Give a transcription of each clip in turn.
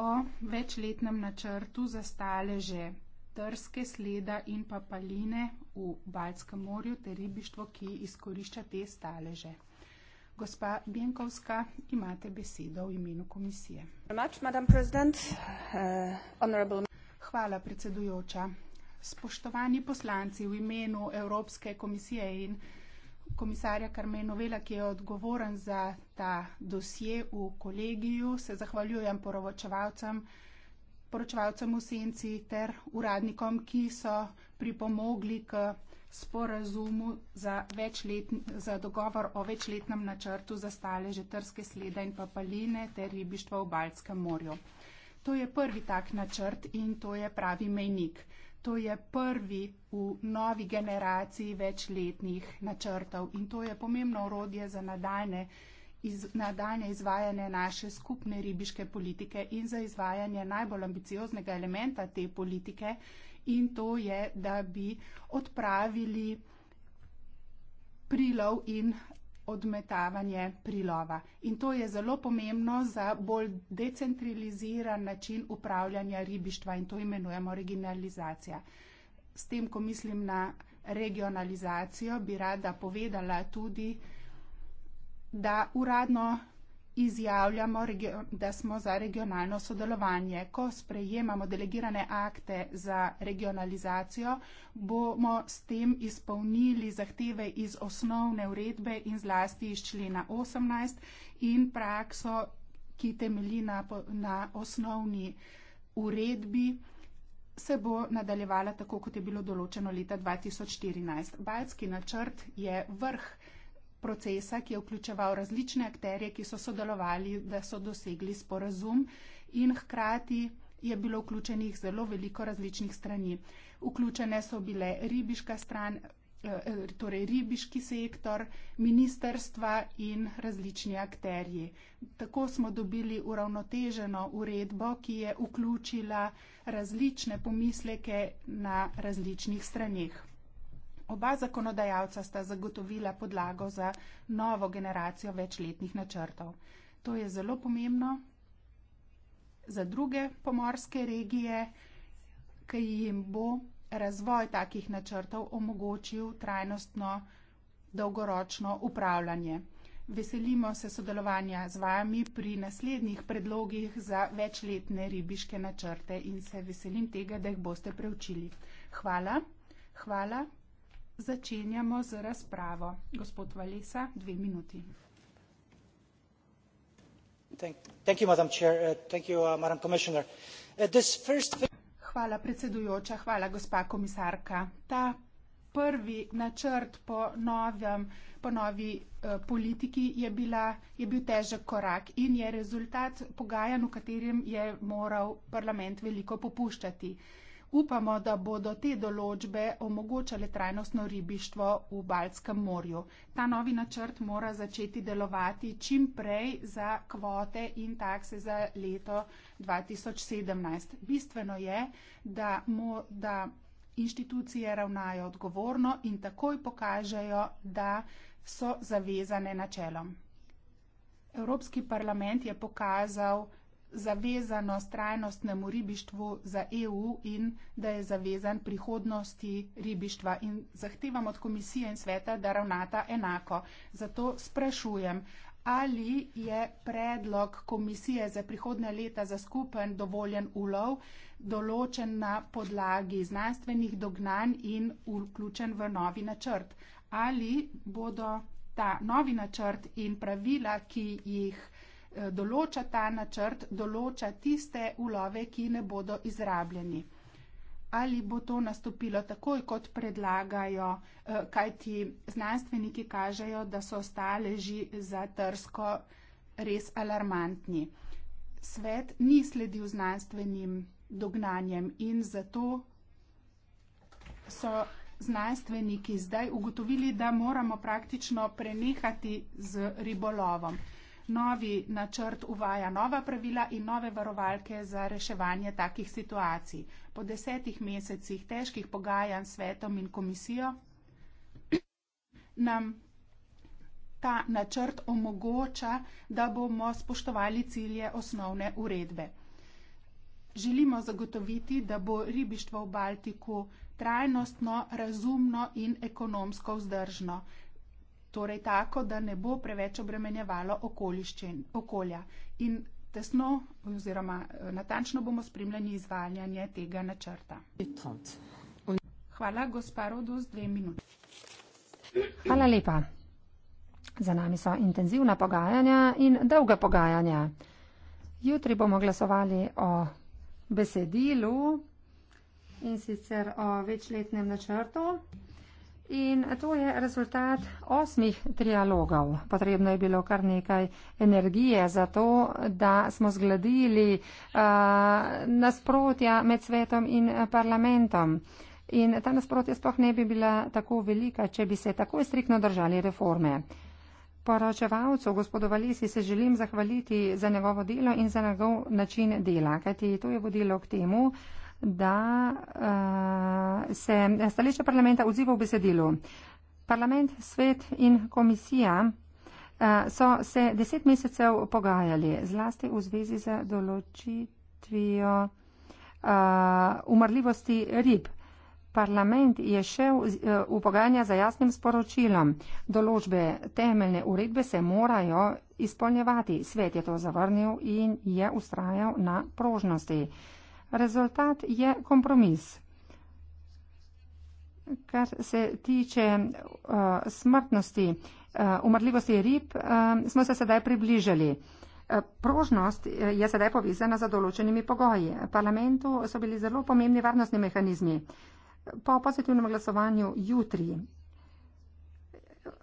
o večletnem načrtu za staleže trske, sleda in papaline v Baljskem morju ter ribištvo, ki izkorišča te staleže. Gospa Bienkovska, imate besedo v imenu komisije. Hvala, predsedujoča. Spoštovani poslanci, v imenu Evropske komisije in komisarja Karmenovela, ki je odgovoren za ta dosje v kolegiju, se zahvaljujem poročevalcem, poročevalcem v senci ter uradnikom, ki so pripomogli k sporazumu za, večlet, za dogovor o večletnem načrtu za stale žetrske slede in papaline ter ribištva v Baljskem morju. To je prvi tak načrt in to je pravi mejnik. To je prvi v novi generaciji večletnih načrtov in to je pomembno urodje za nadaljne, iz, nadaljne izvajanje naše skupne ribiške politike in za izvajanje najbolj ambicioznega elementa te politike in to je, da bi odpravili prilov in odmetavanje prilova. In to je zelo pomembno za bolj decentraliziran način upravljanja ribištva in to imenujemo regionalizacija. S tem, ko mislim na regionalizacijo, bi rada povedala tudi, da uradno izjavljamo, da smo za regionalno sodelovanje. Ko sprejemamo delegirane akte za regionalizacijo, bomo s tem izpolnili zahteve iz osnovne uredbe in zlasti iz člena 18 in prakso, ki temelji na, na osnovni uredbi se bo nadaljevala tako, kot je bilo določeno leta 2014. Baljski načrt je vrh procesa, ki je vključeval različne akterje, ki so sodelovali, da so dosegli sporazum in hkrati je bilo vključenih zelo veliko različnih strani. Vključene so bile ribiška stran, eh, eh, torej ribiški sektor, ministerstva in različni akterji. Tako smo dobili uravnoteženo uredbo, ki je vključila različne pomisleke na različnih stranih. Oba zakonodajalca sta zagotovila podlago za novo generacijo večletnih načrtov. To je zelo pomembno za druge pomorske regije, ki jim bo razvoj takih načrtov omogočil trajnostno dolgoročno upravljanje. Veselimo se sodelovanja z vami pri naslednjih predlogih za večletne ribiške načrte in se veselim tega, da jih boste preučili. Hvala, hvala. Začenjamo z razpravo. Gospod Valesa, dve minuti. Uh, uh, uh, hvala, predsedujoča, hvala, gospa komisarka. Ta prvi načrt po, novem, po novi eh, politiki je, bila, je bil težek korak in je rezultat pogajanj, v katerem je moral parlament veliko popuščati. Eh, Upamo, da bodo te določbe omogočale trajnostno ribištvo v Baltskem morju. Ta novi načrt mora začeti delovati čim prej za kvote in takse za leto 2017. Bistveno je, da, mo, da inštitucije ravnajo odgovorno in takoj pokažejo, da so zavezane načelom. Evropski parlament je pokazal, zavezano strajnostnemu ribištvu za EU in da je zavezan prihodnosti ribištva. In zahtevam od komisije in sveta, da ravnata enako. Zato sprašujem, ali je predlog komisije za prihodne leta za skupen dovoljen ulov določen na podlagi znanstvenih dognanj in vključen v novi načrt. Ali bodo ta novi načrt in pravila, ki jih Eh, določa ta načrt, določa tiste ulove, ki ne bodo izrabljeni. Ali bo to nastopilo takoj, kot predlagajo, eh, kajti znanstveniki kažejo, da so staleži za trsko res alarmantni. Svet ni sledil znanstvenim dognanjem in zato so znanstveniki zdaj ugotovili, da moramo praktično prenehati z ribolovom novi načrt uvaja nova pravila in nove varovalke za reševanje takih situacij. Po desetih mesecih težkih pogajanj s svetom in komisijo nam ta načrt omogoča, da bomo spoštovali cilje osnovne uredbe. Želimo zagotoviti, da bo ribištvo v Baltiku trajnostno, razumno in ekonomsko vzdržno torej tako, da ne bo preveč obremenjevalo okoliščen, okolja. In tesno oziroma eh, natančno bomo spremljali izvajanje tega načrta. Hvala, gospa Rodus, dve minuti. Hvala lepa. Za nami so intenzivna pogajanja in dolga pogajanja. Jutri bomo glasovali o besedilu in sicer o večletnem načrtu. In to je rezultat osmih trialogov. Potrebno je bilo kar nekaj energije za to, da smo zgledili uh, nasprotja med svetom in parlamentom. In ta nasprotja sploh ne bi bila tako velika, če bi se tako striktno držali reforme. Poročevalcu, gospodu Valisi, se želim zahvaliti za njegovo delo in za njegov način dela, kajti to je vodilo k temu, da uh, se stališče parlamenta odziva v besedilu. Parlament, svet in komisija uh, so se deset mesecev pogajali, zlasti v zvezi z določitvijo uh, umrljivosti rib. Parlament je šel v pogajanja za jasnim sporočilom. Določbe temeljne uredbe se morajo izpolnjevati. Svet je to zavrnil in je ustrajal na prožnosti. Uh, rezultat je kompromis. Kar se tiče uh, smrtnosti, uh, umrljivosti rib, uh, smo se sedaj približali. Uh, prožnost uh, je sedaj povezana za določenimi pogoji. Parlamentu so bili zelo pomembni varnostni mehanizmi. Po pozitivnem glasovanju jutri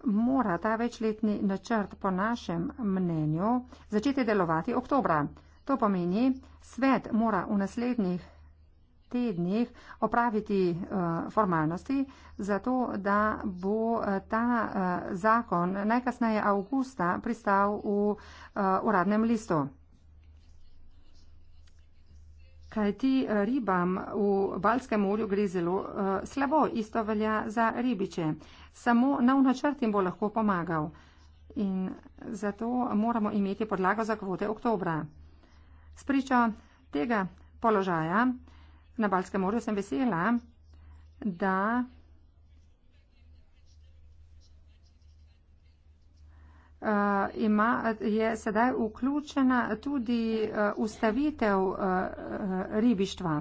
mora ta večletni načrt po našem mnenju začeti delovati oktobra. To pomeni, svet mora v naslednjih tednih opraviti uh, formalnosti, zato da bo eh, ta uh, zakon najkasneje avgusta pristal v uh, uradnem listu. Kaj ti ribam v Balskem morju gre zelo uh, slabo, isto velja za ribiče. Samo nov načrt jim bo lahko pomagal. In zato moramo imeti podlago za kvote oktobra. Spričo tega položaja na Balskem morju sem vesela, da uh, ima, je sedaj vključena tudi uh, ustavitev uh, ribištva.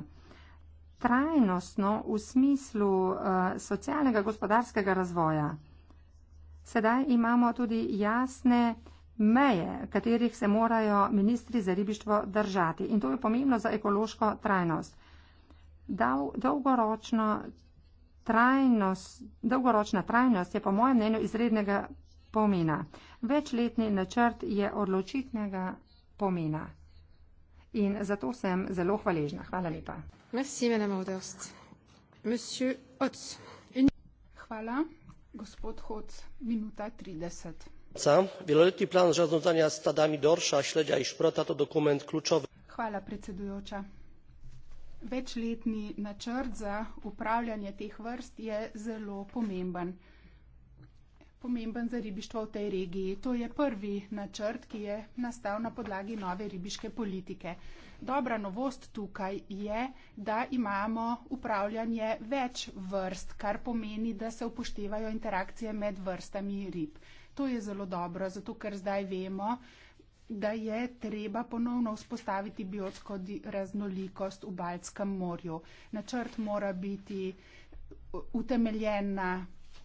Trajnostno v smislu uh, socialnega gospodarskega razvoja. Sedaj imamo tudi jasne uh, meje, katerih se morajo ministri za ribištvo držati. In to je pomembno za ekološko trajnost. Dal, dolgoročno trajnost, dolgoročna trajnost je po mojem mnenju izrednega pomena. Večletni načrt je odločitnega pomena. In zato sem zelo hvaležna. Hvala lepa. Merci, Hvala, gospod Hoc, minuta 30 wieloletni plan zarządzania stadami dorsza śledzia i szprota to dokument kluczowy. Hvala, predsedujoča. Večletni načrt za upravljanje teh vrst je zelo pomemben. Pomemben za ribištvo v tej regiji. To je prvi načrt, ki je nastal na podlagi nove ribiške politike. Dobra novost tukaj je, da imamo upravljanje več vrst, kar pomeni, da se upoštevajo interakcije med vrstami rib. To je zelo dobro, zato ker zdaj vemo, da je treba ponovno vzpostaviti biotsko raznolikost v Baltskem morju. Načrt mora biti utemeljen na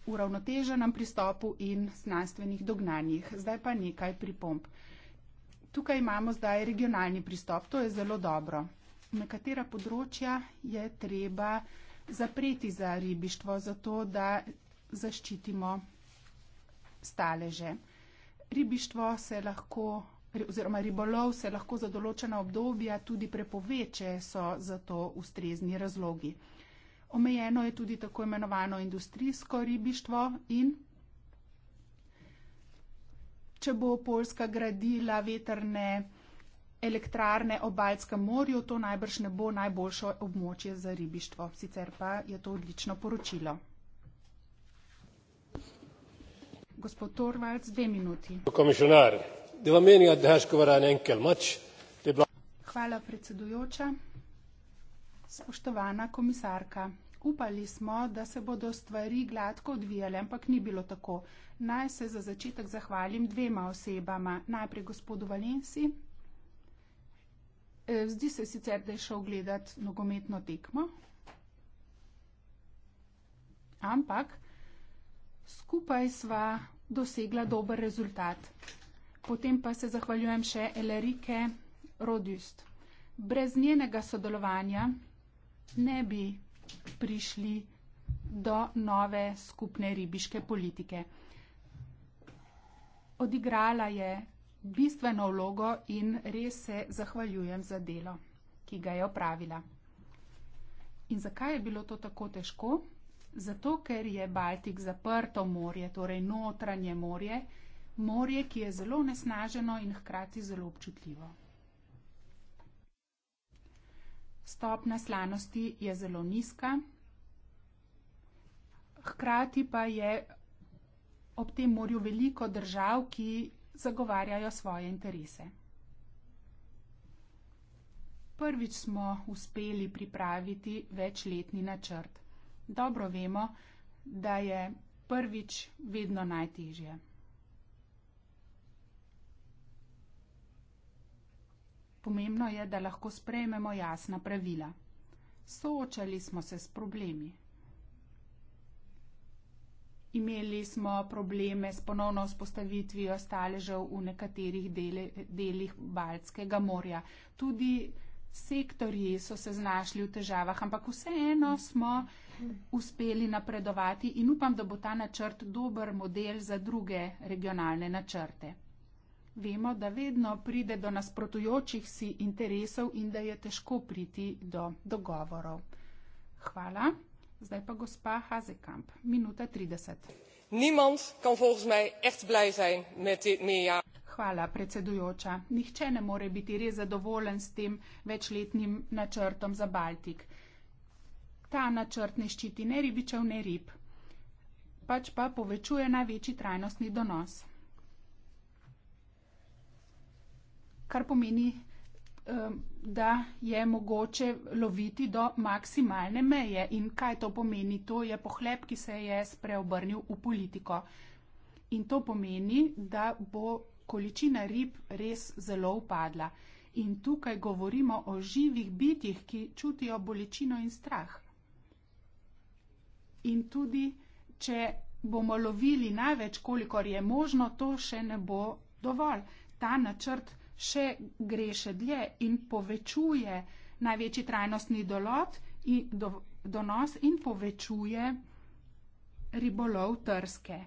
uravnoteženem pristopu in znanstvenih dognanjih. Zdaj pa nekaj pripomp. Tukaj imamo zdaj regionalni pristop, to je zelo dobro. Nekatera področja je treba zapreti za ribištvo, zato da zaščitimo staleže. Ribištvo se lahko, oziroma ribolov se lahko za določena obdobja tudi prepoveče, so za to ustrezni razlogi. Omejeno je tudi tako imenovano industrijsko ribištvo in če bo Poljska gradila veterne elektrarne ob Baljskem morju, to najbrž ne bo najboljše območje za ribištvo. Sicer pa je to odlično poročilo. Er hvala predsedujoča spoštovana komisarka upali smo da se bodo stvari gladko odvijale ampak ni bilo tako naj se za začetek zahvalim dvema osebama najprej gospodu valensi e, zdi se sicer da je šel gledat nogometno tekmo ampak skupaj sva dosegla dober rezultat. Potem pa se zahvaljujem še Elerike Rodjust. Brez njenega sodelovanja ne bi prišli do nove skupne ribiške politike. Odigrala je bistveno vlogo in res se zahvaljujem za delo, ki ga je opravila. In zakaj je bilo to tako težko? Zato, ker je Baltik zaprto morje, torej notranje morje, morje, ki je zelo nesnaženo in hkrati zelo občutljivo. Stopna slanosti je zelo nizka, hkrati pa je ob tem morju veliko držav, ki zagovarjajo svoje interese. Prvič smo uspeli pripraviti večletni načrt dobro vemo, da je prvič vedno najtežje. Pomembno je, da lahko sprejmemo jasna pravila. Soočali smo se s problemi. Imeli smo probleme s ponovno vzpostavitvijo staležev v nekaterih dele, delih Baltskega morja. Tudi sektorji so se znašli v težavah, ampak vseeno smo uh, uspeli napredovati in upam, da bo ta načrt dober model za druge regionalne načrte. Vemo, da vedno pride do nasprotujočih si interesov in da je težko priti do dogovorov. Hvala. Zdaj pa gospa Hazekamp, minuta 30. Niemand kan volgens mij echt blij zijn met dit meerjaar. Hvala, predsedujoča. Nihče ne more biti res zadovoljen s tem večletnim načrtom za Baltik ta načrt ne ščiti ne ribičev, ne rib, pač pa povečuje največji trajnostni donos. Kar pomeni, eh, da je mogoče loviti do maksimalne meje. In kaj to pomeni? To je pohlep, ki se je spreobrnil v politiko. In to pomeni, da bo količina rib res zelo upadla. In tukaj govorimo o živih bitjih, ki čutijo bolečino in strah in tudi, če bomo lovili največ, kolikor je možno, to še ne bo dovolj. Ta načrt še gre še dlje in povečuje največji trajnostni dolot in do, donos in povečuje ribolov trske.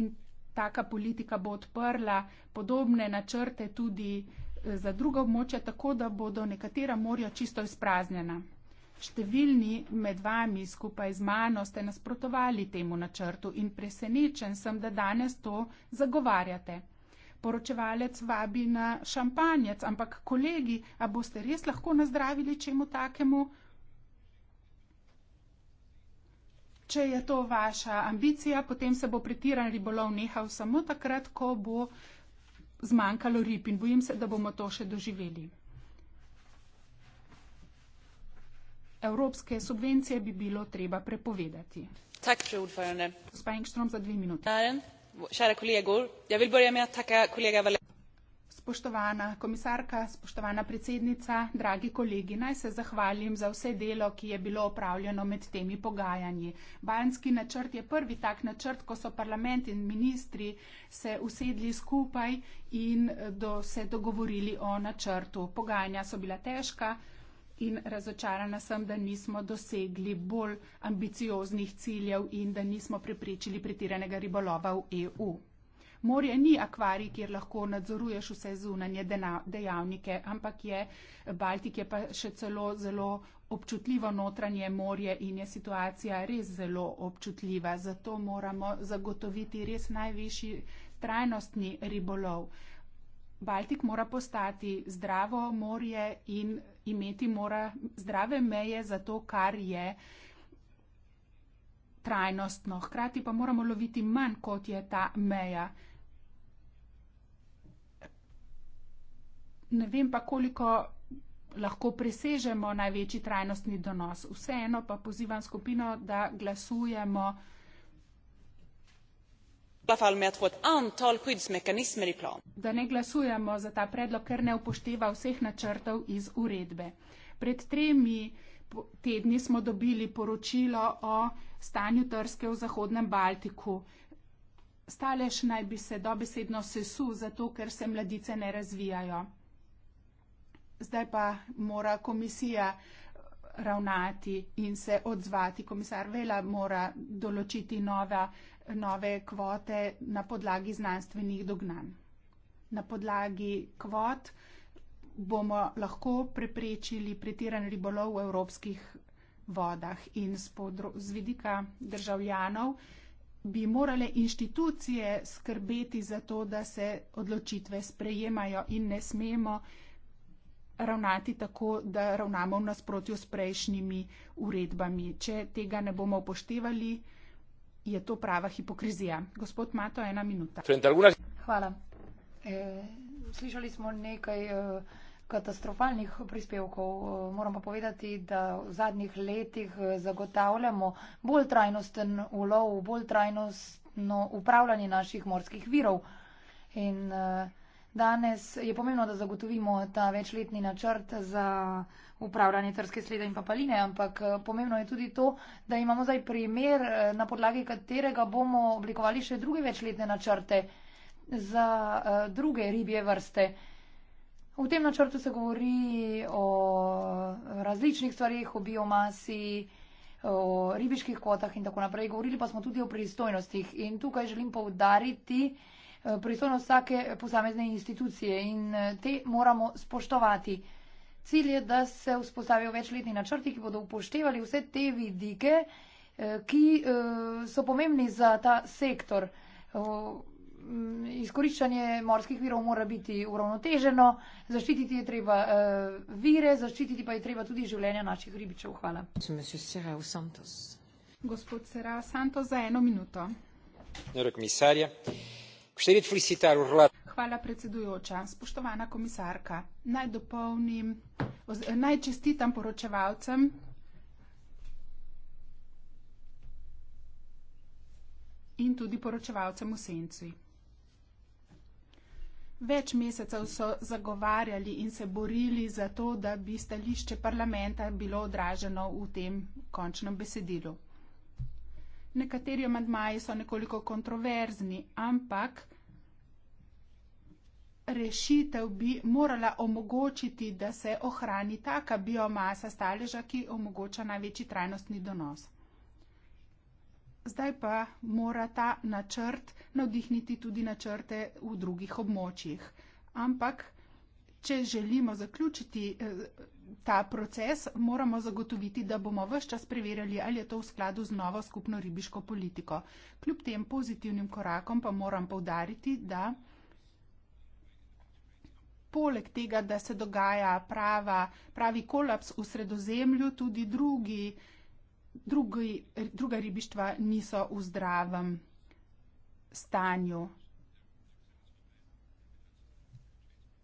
In taka politika bo odprla podobne načrte tudi eh, za druga območja, tako da bodo nekatera morja čisto izpraznjena. Številni med vami skupaj z mano ste nasprotovali temu načrtu in presenečen sem, da danes to zagovarjate. Poročevalec vabi na šampanjec, ampak kolegi, a boste res lahko nazdravili čemu takemu? Če je to vaša ambicija, potem se bo pretiran ribolov nehal samo takrat, ko bo zmanjkalo rib in bojim se, da bomo to še doživeli. evropske subvencije bi bilo treba prepovedati. Tak, Gospa Engström za dve minute. Naren. Ja, spoštovana komisarka, spoštovana predsednica, dragi kolegi, naj se zahvalim za vse delo, ki je bilo opravljeno med temi pogajanji. Bajanski načrt je prvi tak načrt, ko so parlament in ministri se usedli skupaj in eh, do, se dogovorili o načrtu. Pogajanja so bila težka in razočarana sem, da nismo dosegli bolj ambicioznih ciljev in da nismo preprečili pretiranega ribolova v EU. Morje ni akvarij, kjer lahko nadzoruješ vse zunanje dejavnike, ampak je Baltik je pa še celo zelo občutljivo notranje morje in je situacija res zelo občutljiva. Zato moramo zagotoviti res najvišji trajnostni ribolov. Baltik mora postati zdravo morje in imeti mora zdrave meje za to, kar je trajnostno. Hkrati pa moramo loviti manj, kot je ta meja. Ne vem pa, koliko lahko presežemo največji trajnostni donos. Vseeno pa pozivam skupino, da glasujemo fall med att få ett antal skyddsmekanismer i plan. Da ne glasujemo za ta predlog, ker ne upošteva vseh načrtov iz uredbe. Pred tremi tedni smo dobili poročilo o stanju Trske v Zahodnem Baltiku. Stalež naj bi se dobesedno sesu, zato ker se mladice ne razvijajo. Zdaj pa mora komisija eh, ravnati in se odzvati. Komisar Vela mora določiti nova nove kvote na podlagi znanstvenih dognanj. Na podlagi kvot bomo lahko preprečili pretiran ribolov v evropskih vodah in z vidika državljanov bi morale inštitucije skrbeti za to, da se odločitve sprejemajo in ne smemo ravnati tako, da ravnamo v nasprotju s prejšnjimi uredbami. Če tega ne bomo upoštevali, je to prava hipokrizija. Gospod Mato, ena minuta. Hvala. E, slišali smo nekaj e, katastrofalnih prispevkov. E, moram pa povedati, da v zadnjih letih e, zagotavljamo bolj trajnosten ulov, bolj trajnostno upravljanje naših morskih virov. In, e, Danes je pomembno, da zagotovimo ta večletni načrt za upravljanje trske slede in papaline, ampak eh, pomembno je tudi to, da imamo zdaj primer, eh, na podlagi katerega bomo oblikovali še druge večletne načrte za eh, druge ribje vrste. V tem načrtu se govori o različnih stvarih, o biomasi, o ribiških kvotah in tako naprej. Govorili pa smo tudi o pristojnostih in tukaj želim povdariti, Eh, pristojnost vsake posamezne institucije in eh, te moramo spoštovati. Cilj je, da se vzpostavijo večletni načrti, ki bodo upoštevali vse te vidike, eh, ki so pomembni za ta sektor. Mm, izkoriščanje morskih virov mora biti uravnoteženo, zaščititi je treba vire, zaščititi pa je treba tudi življenja naših ribičev. Hvala. Gospod Sera Santos za eno minuto. Hvala predsedujoča. Spoštovana komisarka, naj dopolnim, naj čestitam poročevalcem. In tudi poročevalcem v senci. Več mesecev so zagovarjali in se borili za to, da bi stališče parlamenta bilo odraženo v tem končnem besedilu. Nekateri amantmaji so nekoliko kontroverzni, ampak rešitev bi morala omogočiti, da se ohrani taka biomasa staleža, ki omogoča največji trajnostni donos. Zdaj pa mora ta načrt navdihniti tudi načrte v drugih območjih. Ampak, če želimo zaključiti eh, ta proces, moramo zagotoviti, da bomo vse čas preverjali, ali je to v skladu z novo skupno ribiško politiko. Kljub tem pozitivnim korakom pa moram povdariti, da poleg tega, da se dogaja prava, pravi kolaps v sredozemlju, tudi drugi, drugi, druga ribištva niso v zdravem stanju.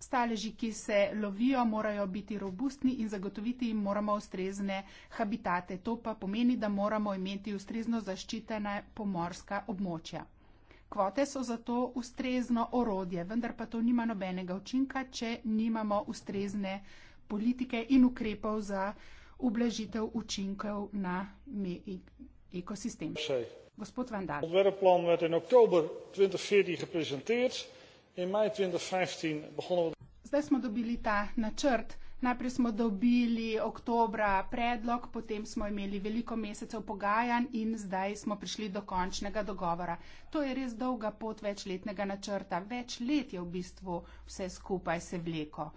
Staleži, ki se lovijo, morajo biti robustni in zagotoviti jim moramo ustrezne habitate. To pa pomeni, da moramo imeti ustrezno zaščitene pomorska območja. Kvote so zato ustrezno orodje, vendar pa to nima nobenega učinka, če nimamo ustrezne politike in ukrepov za ublažitev učinkov na me e-, ekosistem. Gospod Vandal. Odverplan werd in oktober 2014 gepresenteerd. In maj 2015 begonnen we... Zdaj smo dobili ta načrt. Najprej smo dobili oktobra predlog, potem smo imeli veliko mesecev pogajanj in zdaj smo prišli do končnega dogovora. To je res dolga pot večletnega načrta. Več let je v bistvu vse skupaj se vleko.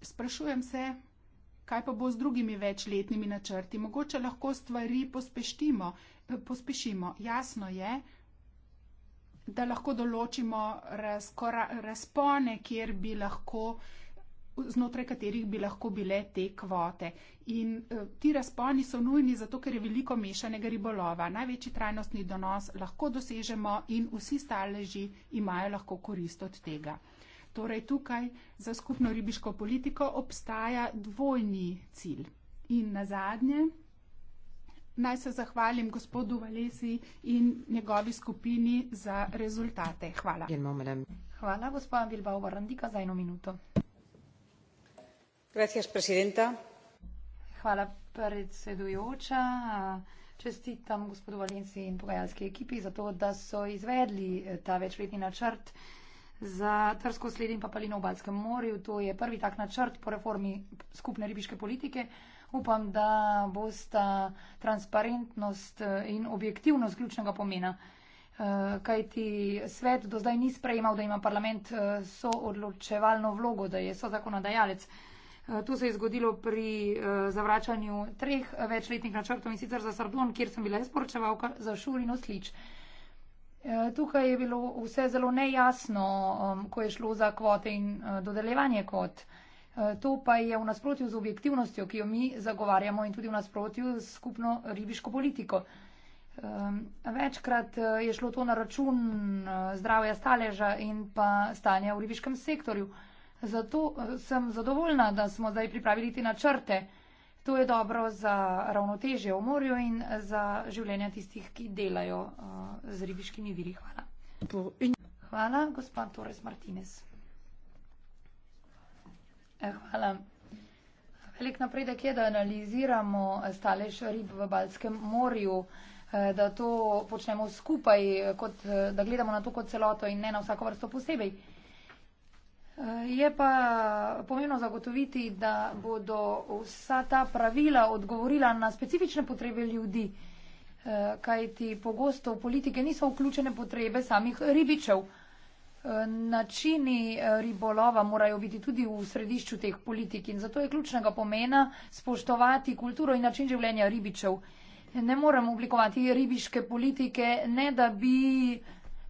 Sprašujem se, kaj pa bo z drugimi večletnimi načrti? Mogoče lahko stvari pospešimo. Jasno je, da lahko določimo razpone, kjer bi lahko znotraj katerih bi lahko bile te kvote. In eh, ti razponi so nujni zato, ker je veliko mešanega ribolova. Največji trajnostni donos lahko dosežemo in vsi staleži imajo lahko korist od tega. Torej tukaj za skupno ribiško politiko obstaja dvojni cilj. In na zadnje. Naj se zahvalim gospodu Valesi in njegovi skupini za rezultate. Hvala. Hvala, gospod Bilbao Varandika, za eno minuto. Hvala, predsedujoča. Čestitam gospodu Valenci in pogajalski ekipi za to, da so izvedli eh, ta večletni načrt za trsko sled in papalino v Balskem morju. To je prvi tak načrt po reformi skupne ribiške politike. Upam, da bosta transparentnost eh, in objektivnost ključnega pomena. Eh, kajti svet do zdaj ni sprejemal, da ima parlament soodločevalno vlogo, da je sozakonodajalec. Eh, to se je zgodilo pri eh, zavračanju treh večletnih načrtov in sicer za Sardon, kjer sem bila izporočevalka za Šurino Slič. Eh, tukaj je bilo vse zelo nejasno, um, ko je šlo za kvote in dodeljevanje kvot. To pa je v nasprotju z objektivnostjo, ki jo mi zagovarjamo in tudi v nasprotju z skupno ribiško politiko. Um, večkrat je šlo to na račun zdravja staleža in pa stanja v ribiškem sektorju. Zato eh, sem zadovoljna, da smo zdaj pripravili te načrte. To je dobro za ravnotežje v morju in eh, za življenja tistih, ki delajo eh, z ribiškimi viri. Hvala. Hvala, gospod Torres Martinez. Hvala. Velik napredek je, da analiziramo stalež rib v Balskem morju, da to počnemo skupaj, kot, da gledamo na to kot celoto in ne na vsako vrsto posebej. Je pa pomembno zagotoviti, da bodo vsa ta pravila odgovorila na specifične potrebe ljudi, eh, kajti pogosto v politike niso vključene potrebe samih ribičev. Eh, načini eh, ribolova morajo biti tudi v središču teh politik in zato je ključnega pomena spoštovati kulturo in način življenja ribičev. Ne moremo oblikovati ribiške politike, ne da bi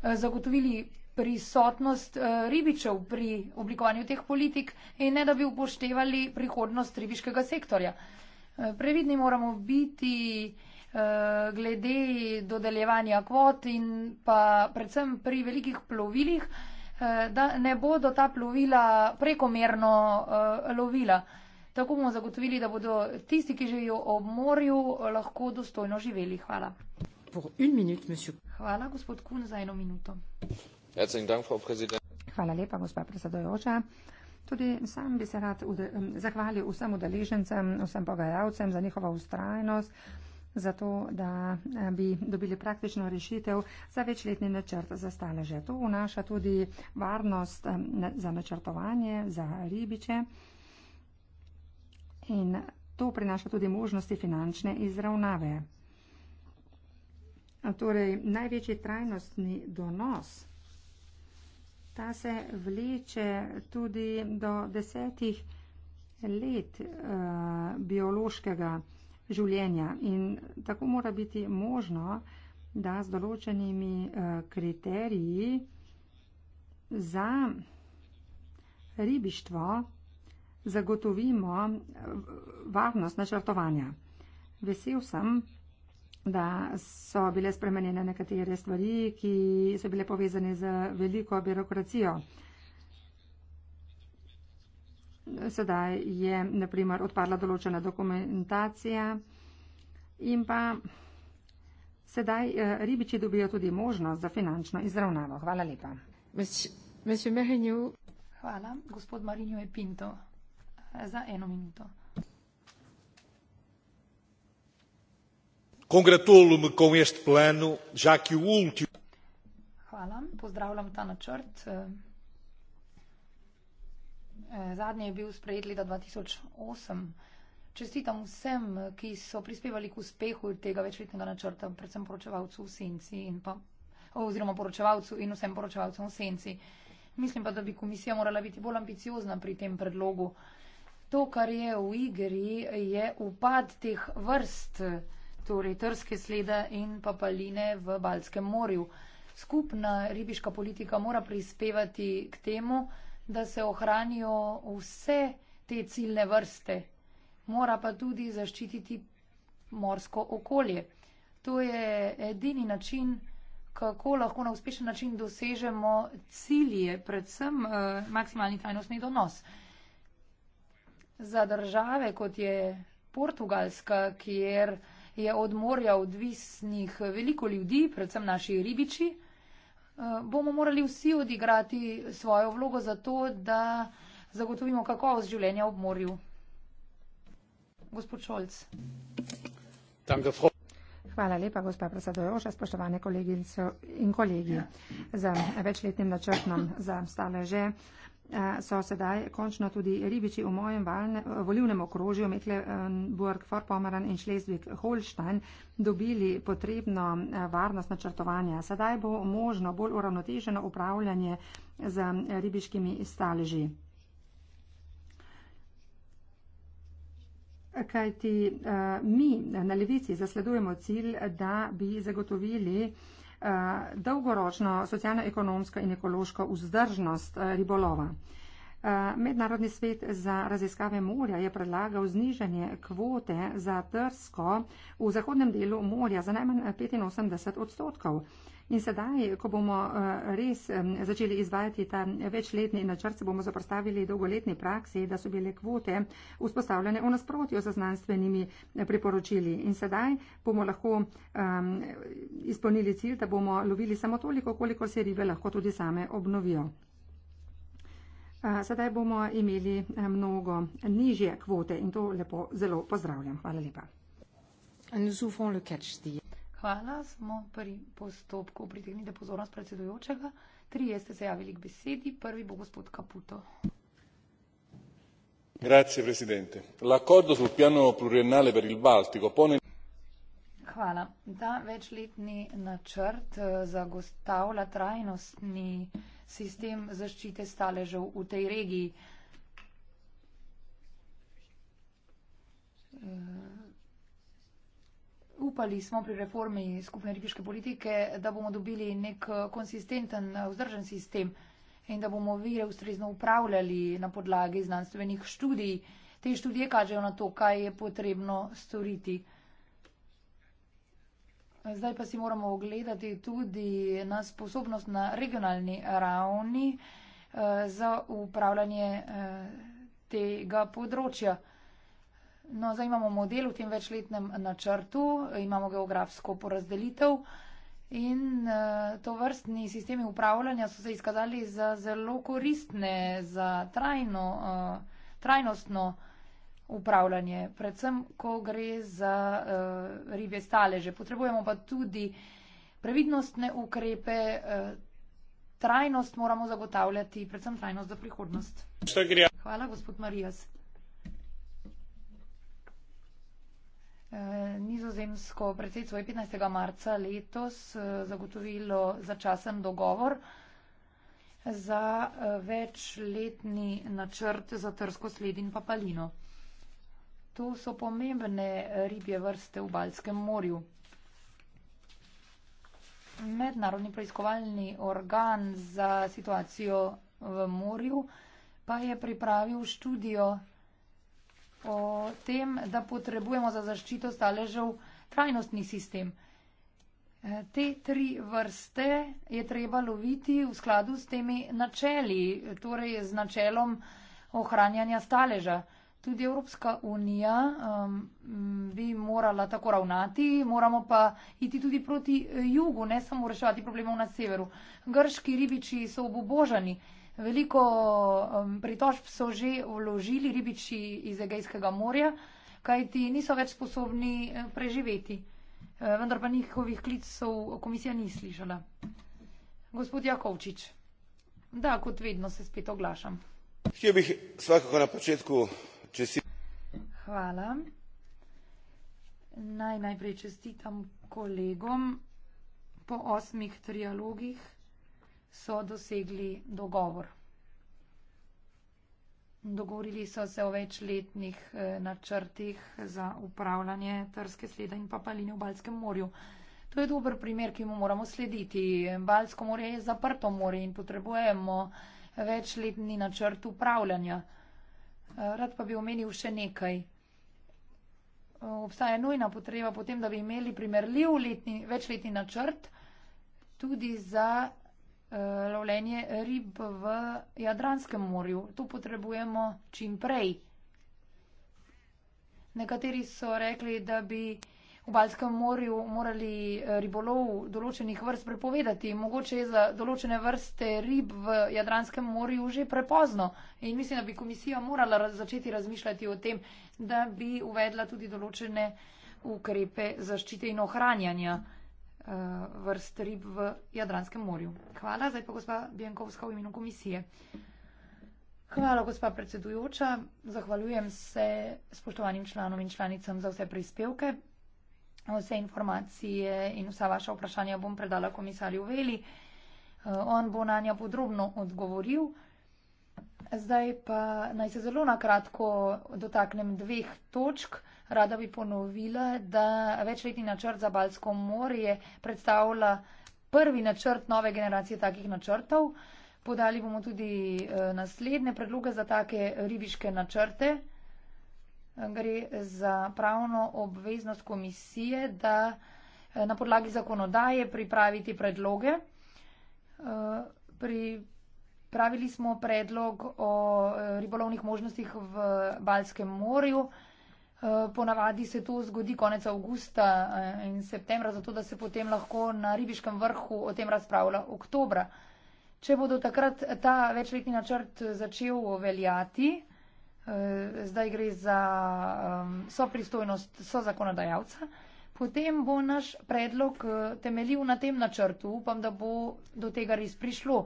zagotovili prisotnost eh, ribičev pri oblikovanju teh politik in ne da bi upoštevali prihodnost ribiškega sektorja. Eh, previdni moramo biti eh, glede dodeljevanja kvot in pa predvsem pri velikih plovilih, da ne bodo ta plovila prekomerno lovila. Tako bomo zagotovili, da bodo tisti, ki živijo ob morju, lahko dostojno živeli. Hvala. Minut, Hvala, gospod Kun, za eno minuto. Hvala lepa, gospa predsedojoča. Tudi sam bi se rad zahvalil vsem udeležencem, vsem pogajalcem za njihovo ustrajnost, zato da eh, bi dobili praktično rešitev za večletni načrt za staleže. To vnaša tudi varnost eh, za načrtovanje, za ribiče. In to prinaša tudi možnosti finančne izravnave. Torej, največji trajnostni donos Ta se vleče tudi do desetih let uh, biološkega življenja in tako mora biti možno, da z določenimi uh, kriteriji za ribištvo zagotovimo eh, varnost načrtovanja. Vesel sem, da so bile spremenjene nekatere stvari, ki so bile povezane z veliko birokracijo. Sedaj je naprimer odpadla določena dokumentacija in pa sedaj eh, ribiči dobijo tudi možnost za finančno izravnavo. Hvala lepa. Hvala, gospod Marinjo Epinto, eh, za eno minuto. Congratulo-me com este plano, já que o último. Hvala, pozdravljam ta načrt. Eh, zadnji je bil sprejet leta 2008. Čestitam vsem, ki so prispevali k uspehu tega večletnega načrta, predvsem poročevalcu v senci in pa, oziroma poročevalcu in vsem poročevalcem v senci. Mislim pa, da bi komisija morala biti bolj ambiciozna pri tem predlogu. To, kar je v igri, je upad teh vrst torej trske slede in papaline v Balskem morju. Skupna ribiška politika mora prispevati k temu, da se ohranijo vse te ciljne vrste, mora pa tudi zaščititi morsko okolje. To je edini način, kako lahko na uspešen način dosežemo cilje, predvsem eh, maksimalni trajnostni donos. Za države, kot je Portugalska, kjer je od morja odvisnih veliko ljudi, predvsem naši ribiči, eh, bomo morali vsi odigrati svojo vlogo za to, da zagotovimo kakovost življenja ob morju. Gospod Šolc. Hvala lepa, gospa predsedojoča, spoštovane kolegice in kolegi. Za večletnim načrtom za stale že Eh, so sedaj končno tudi ribiči v mojem valne, eh, volivnem okrožju Mecklenburg, Forpomeran in Šlezvik, Holštajn dobili potrebno eh, varnost načrtovanja. Sedaj bo možno bolj uravnoteženo upravljanje z ribiškimi staleži. Kajti mi na levici zasledujemo cilj, da bi zagotovili Eh, dolgoročno socijalno-ekonomsko in ekološko vzdržnost eh, ribolova. Eh, Mednarodni svet za raziskave morja je predlagal znižanje kvote za trsko v zahodnem delu morja za najmanj 85 odstotkov. In sedaj, ko bomo eh, res začeli izvajati ta večletni načrt, se bomo zaprstavili dolgoletni praksi, da so bile kvote vzpostavljene v nasprotju z znanstvenimi eh, priporočili. In sedaj bomo lahko um, izpolnili cilj, da bomo lovili samo toliko, koliko se ribe lahko tudi same obnovijo. Sedaj bomo imeli mnogo nižje kvote in to lepo zelo pozdravljam. Hvala lepa. Hvala, smo pri postopku pritegnite pozornost predsedujočega. Trije ste se javili k besedi, prvi bo gospod Kaputo. Grazie, presidente. L'accordo sul piano pluriennale per il Baltico pone. Hvala. Ta večletni načrt eh, zagostavlja trajnostni sistem zaščite staležev v tej regiji. Eh, upali smo pri reformi skupne ribiške politike, da bomo dobili nek eh, konsistenten, eh, vzdržen sistem in da bomo vire ustrezno upravljali na podlagi znanstvenih študij. Te študije kažejo na to, kaj je potrebno storiti. Zdaj pa si moramo ogledati tudi na sposobnost na regionalni ravni eh, za upravljanje tega področja. No, zdaj imamo model v tem večletnem načrtu, imamo geografsko porazdelitev in eh, to vrstni sistemi upravljanja so se izkazali za zelo koristne, za trajno, eh, trajnostno upravljanje, predvsem, ko gre za eh, ribje staleže. Potrebujemo pa tudi previdnostne ukrepe. Trajnost moramo zagotavljati, predvsem trajnost za prihodnost. Hvala, gospod Marijas. Eh, nizozemsko predsedstvo je 15. marca letos eh, zagotovilo začasen dogovor za eh, večletni načrt za trsko sled in papalino. To so pomembne ribje vrste v Balskem morju. Mednarodni preiskovalni organ za situacijo v morju pa je pripravil študijo o tem, da potrebujemo za zaščito staležev trajnostni sistem. E, te tri vrste je treba loviti v skladu s temi načeli, torej z načelom ohranjanja staleža. Tudi Evropska unija um, bi morala tako ravnati, moramo pa iti tudi proti jugu, ne samo reševati problemov na severu. Grški ribiči so obubožani, Veliko um, pritožb so že vložili ribiči iz Egejskega morja, kajti niso več sposobni eh, preživeti. E, vendar pa njihovih klicev komisija ni slišala. Gospod Jakovčič, da, kot vedno se spet oglašam. Htio bih svakako na početku čestiti. Hvala. Naj najprej čestitam kolegom po osmih trialogih so dosegli dogovor. Dogovorili so se o večletnih eh, načrtih za upravljanje trske sleda in papaline v Balskem morju. To je dober primer, ki mu moramo slediti. Balsko morje je zaprto morje in potrebujemo večletni načrt upravljanja. Eh, rad pa bi omenil še nekaj. Obstaja nujna potreba potem, da bi imeli primerljiv letni, večletni načrt tudi za Eh, lovljenje rib v Jadranskem morju. To potrebujemo čim prej. Nekateri so rekli, da bi v Balskem morju morali eh, ribolov določenih vrst prepovedati. Mogoče je za določene vrste rib v Jadranskem morju že prepozno. In mislim, da bi komisija morala začeti razmišljati o tem, da bi uvedla tudi določene ukrepe zaščite in ohranjanja uh, vrst rib v Jadranskem morju. Hvala, zdaj pa gospa Bjankovska v imenu komisije. Hvala, gospa predsedujoča. Zahvaljujem se spoštovanim članom in članicam za vse prispevke, vse informacije in vsa vaša vprašanja bom predala komisarju Veli. Eh, on bo na nja podrobno odgovoril. Zdaj pa naj se zelo nakratko dotaknem dveh točk. Rada bi ponovila, da večletni načrt za Balsko morje predstavlja prvi načrt nove generacije takih načrtov. Podali bomo tudi eh, naslednje predloge za take ribiške načrte. Gre za pravno obveznost komisije, da eh, na podlagi zakonodaje pripraviti predloge. Eh, pri Pravili smo predlog o eh, ribolovnih možnostih v Balskem morju. Eh, ponavadi se to zgodi konec avgusta eh, in septembra, zato da se potem lahko na ribiškem vrhu o tem razpravlja oktobra. Če bodo takrat ta večletni načrt začel veljati, zdaj gre za ehm, so pristojnost so zakonodajalca, potem bo naš predlog temeljil na tem načrtu. Upam, da bo do tega res prišlo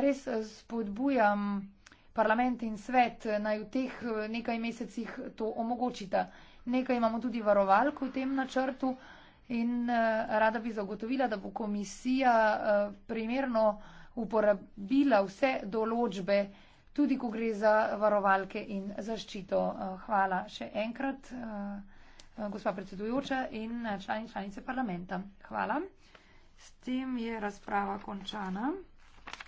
res spodbujam parlament in svet naj v teh nekaj mesecih to omogočita. Nekaj imamo tudi varovalk v tem načrtu in eh, rada bi zagotovila, da bo komisija eh, primerno uporabila vse določbe, tudi ko gre za varovalke in zaščito. Eh, hvala še enkrat, gospa predsedujoča in člani članice parlamenta. Hvala. S tem je razprava končana.